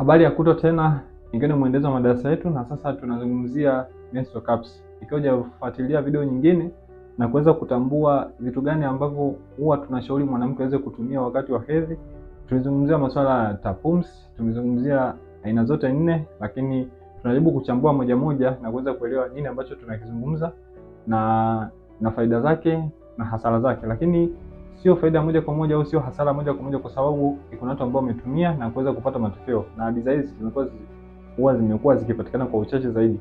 Habari ya kutwa tena, ikiwa ni wa madarasa yetu, na sasa tunazungumzia menstrual cups. Ikiwa hujafuatilia video nyingine na kuweza kutambua vitu gani ambavyo huwa tunashauri mwanamke aweze kutumia wakati wa hedhi, tulizungumzia masuala ya tampons, tumezungumzia aina zote nne, lakini tunajaribu kuchambua moja moja na kuweza kuelewa nini ambacho tunakizungumza na na faida zake na hasara zake, lakini sio faida moja kwa moja au sio hasara moja kwa moja, kwa sababu kuna watu ambao wametumia na kuweza kupata matokeo, na hizi zimekuwa huwa zimekuwa zikipatikana kwa uchache zaidi.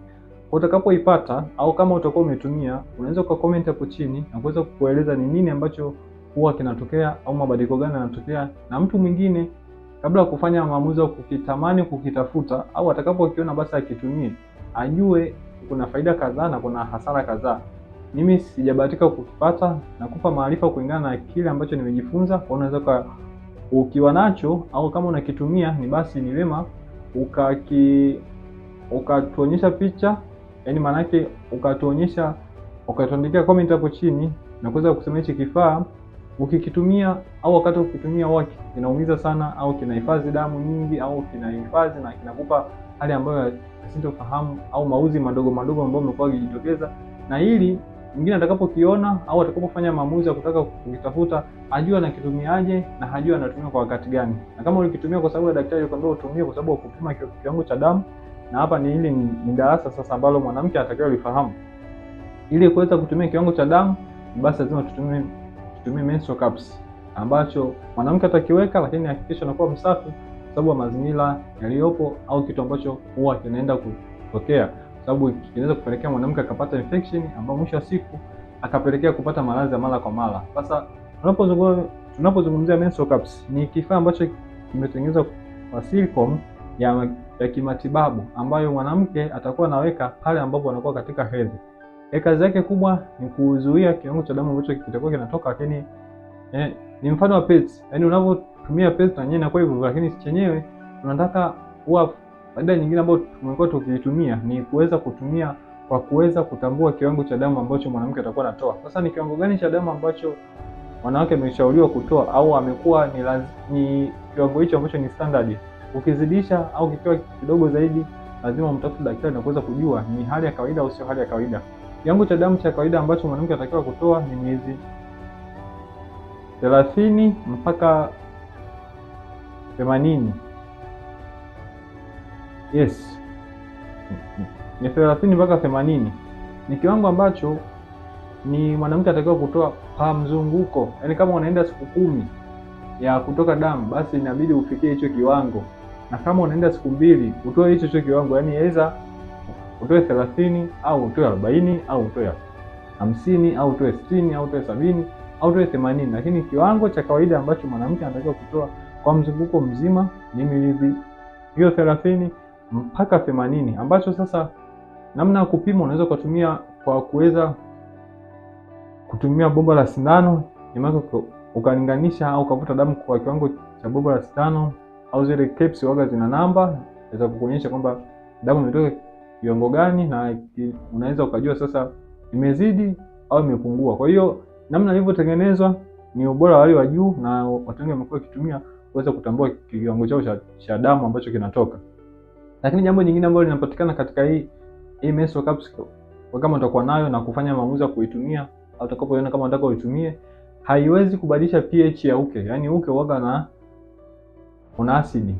Utakapoipata au kama utakuwa umetumia, unaweza kwa comment hapo chini na kuweza kueleza ni nini ambacho huwa kinatokea au mabadiliko gani yanatokea, na mtu mwingine kabla ya kufanya maamuzi au kukitamani kukitafuta au atakapokiona basi akitumie, ajue kuna faida kadhaa na kuna hasara kadhaa mimi sijabahatika kukipata, nakupa maarifa kulingana na kile ambacho nimejifunza. Kwa unaweza kwa ukiwa nacho au kama unakitumia ni basi ni vema ukaki ukatuonyesha picha, yani maana yake ukatuonyesha, ukatuandikia comment hapo chini na kuweza kusema hichi kifaa ukikitumia au wakati ukitumia huwa kinaumiza sana au kinahifadhi damu nyingi au kinahifadhi na kinakupa hali ambayo sintofahamu au mauzi madogo madogo ambayo umekuwa ukijitokeza na hili mwingine atakapokiona au atakapofanya maamuzi ya kutaka kukitafuta ajue anakitumiaje na ajue anatumia kwa wakati gani, na kama ulikitumia kwa sababu ya daktari alikwambia utumie kwa sababu ya kupima kiwango cha damu. Na hapa ni hili ni darasa sasa ambalo mwanamke atakayo lifahamu, ili kuweza kutumia kiwango cha damu, basi lazima tutumie tutumie menstrual cups ambacho mwanamke atakiweka, lakini hakikisha anakuwa msafi kwa sababu ya mazingira yaliyopo au kitu ambacho huwa kinaenda kutokea sababu inaweza kupelekea mwanamke akapata infection ambayo mwisho wa siku akapelekea kupata maradhi ya mara kwa mara. Sasa tunapozungumzia menstrual cups ni kifaa ambacho kimetengenezwa kwa silicone ya, ya kimatibabu ambayo mwanamke atakuwa anaweka pale ambapo anakuwa katika hedhi. E, kazi yake kubwa ni kuzuia kiwango cha damu ambacho kitakuwa kinatoka, lakini eh, ni mfano wa pets. Yaani unapotumia pets na yenyewe inakuwa hivyo, lakini chenyewe tunataka huwa Faida nyingine ambayo tumekuwa tukiitumia ni kuweza kutumia kwa kuweza kutambua kiwango cha damu ambacho mwanamke atakuwa anatoa. Sasa ni kiwango gani cha damu ambacho mwanamke ameshauriwa kutoa au amekuwa ni, ni kiwango hicho ambacho ni standard. Ukizidisha au kikiwa kidogo zaidi, lazima mtafute daktari na kuweza kujua ni hali ya kawaida au sio hali ya kawaida. Kiwango cha damu cha kawaida ambacho mwanamke anatakiwa kutoa ni miezi 30 mpaka themanini. Yes, ni thelathini mpaka themanini. Ni kiwango ambacho ni mwanamke atakiwa kutoa pa mzunguko, yaani kama unaenda siku kumi ya kutoka damu, basi inabidi ufikie hicho kiwango, na kama unaenda siku mbili utoe hicho hicho kiwango, yaani aweza utoe thelathini au utoe arobaini au utoe hamsini au utoe sitini au utoe sabini au utoe themanini, lakini kiwango cha kawaida ambacho mwanamke anatakiwa kutoa kwa mzunguko mzima ni milivi hiyo thelathini mpaka themanini ambacho sasa namna ya kupima unaweza ukatumia kwa kuweza kutumia bomba la sindano nyuma ukalinganisha au ukavuta damu kwa kiwango cha bomba la sindano au zile clips waga zina namba za kukuonyesha kwamba damu imetoka kiwango gani na unaweza ukajua sasa imezidi au imepungua. Kwa hiyo namna ilivyotengenezwa ni ubora wa hali wa juu na watu wengi wamekuwa wakitumia kuweza kutambua kiwango chao cha damu ambacho kinatoka. Lakini jambo nyingine ambalo linapatikana katika hii hii menstrual cups kwa kama utakuwa nayo na kufanya maamuzi ya kuitumia au utakapoiona kama unataka uitumie, haiwezi kubadilisha pH ya uke. Yaani uke huaga na una asidi.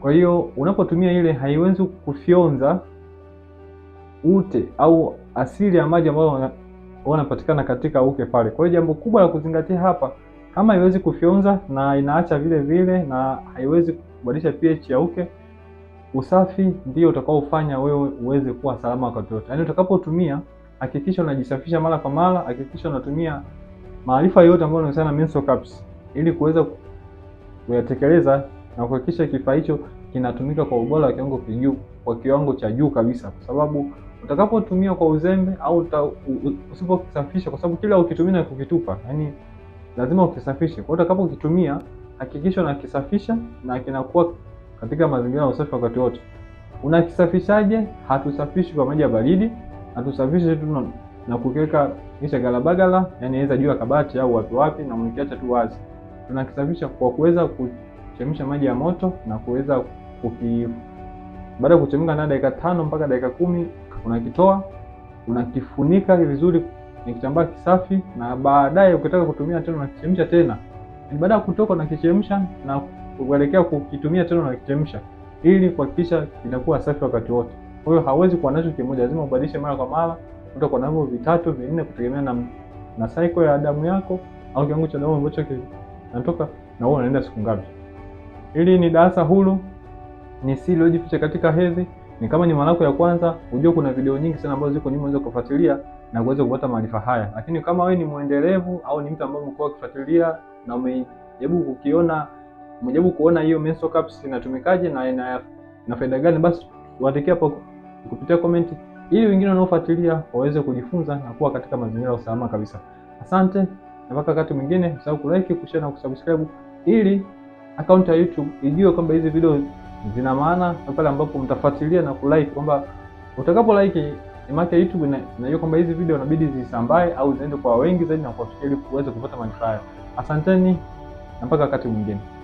Kwa hiyo unapotumia ile haiwezi kufyonza ute au asili ya maji ambayo wanapatikana katika uke pale. Kwa hiyo jambo kubwa la kuzingatia hapa, kama haiwezi kufyonza na inaacha vile vile na haiwezi kubadilisha pH ya uke Usafi ndio utakaofanya wewe uweze kuwa salama wakati wote. Yaani utakapotumia hakikisha unajisafisha mara kwa mara, hakikisha unatumia maarifa yote ambayo yanahusiana na menstrual cups ili kuweza kuyatekeleza na kuhakikisha kifaa hicho kinatumika kwa ubora wa kiwango kijuu, kwa kiwango cha juu kabisa, kwa sababu utakapotumia kwa uzembe au usipokisafisha, kwa sababu kila ukitumia na kukitupa, yaani lazima ukisafishe. Kwa hiyo utakapokitumia hakikisha unakisafisha na kinakuwa katika mazingira ya usafi wakati wote. Unakisafishaje? Hatusafishi kwa maji ya baridi, hatusafishi tu na kukiweka kisha galabagala, yani aweza juu ya kabati au wapi wapi, na mnikiacha tu wazi. Tunakisafisha kwa kuweza kuchemsha maji ya moto na kuweza kuki baada ya kuchemka na dakika tano mpaka dakika kumi unakitoa unakifunika vizuri ni kitambaa kisafi, na baadaye ukitaka kutumia tena unakichemsha tena. Baada ya kutoka unakichemsha na kuelekea kukitumia tena unakichemsha ili kuhakikisha inakuwa safi wakati wote. Kwa hiyo hauwezi kuwa nacho kimoja, lazima ubadilishe mara kwa mara, utakuwa navyo vitatu vinne, kutegemea na na cycle ya damu yako au kiwango cha damu ambacho kinatoka na wewe unaenda siku ngapi. Hili ni darasa huru, ni siri iliyojificha katika hedhi. Ni kama ni mara yako ya kwanza, unajua kuna video nyingi sana ambazo ziko nyuma, unaweza kufuatilia na kuweza kupata maarifa haya. Lakini kama wewe ni mwendelevu au ni mtu ambaye umekuwa ukifuatilia na umejaribu kukiona mjaribu kuona hiyo menstrual cups inatumikaje na ina na faida gani, basi tuandikie hapo kupitia comment, ili wengine wanaofuatilia waweze kujifunza na kuwa katika mazingira ya usalama kabisa. Asante na mpaka wakati mwingine, msahau kulike, kushare na kusubscribe ili akaunti ya YouTube ijue kwamba hizi video zina maana, na pale ambapo mtafuatilia na kulike kwamba utakapo like imake YouTube na najua kwamba hizi video inabidi zisambae au ziende kwa wengi zaidi na kuwafikia ili kuweza kupata manufaa. Asanteni na mpaka wakati mwingine.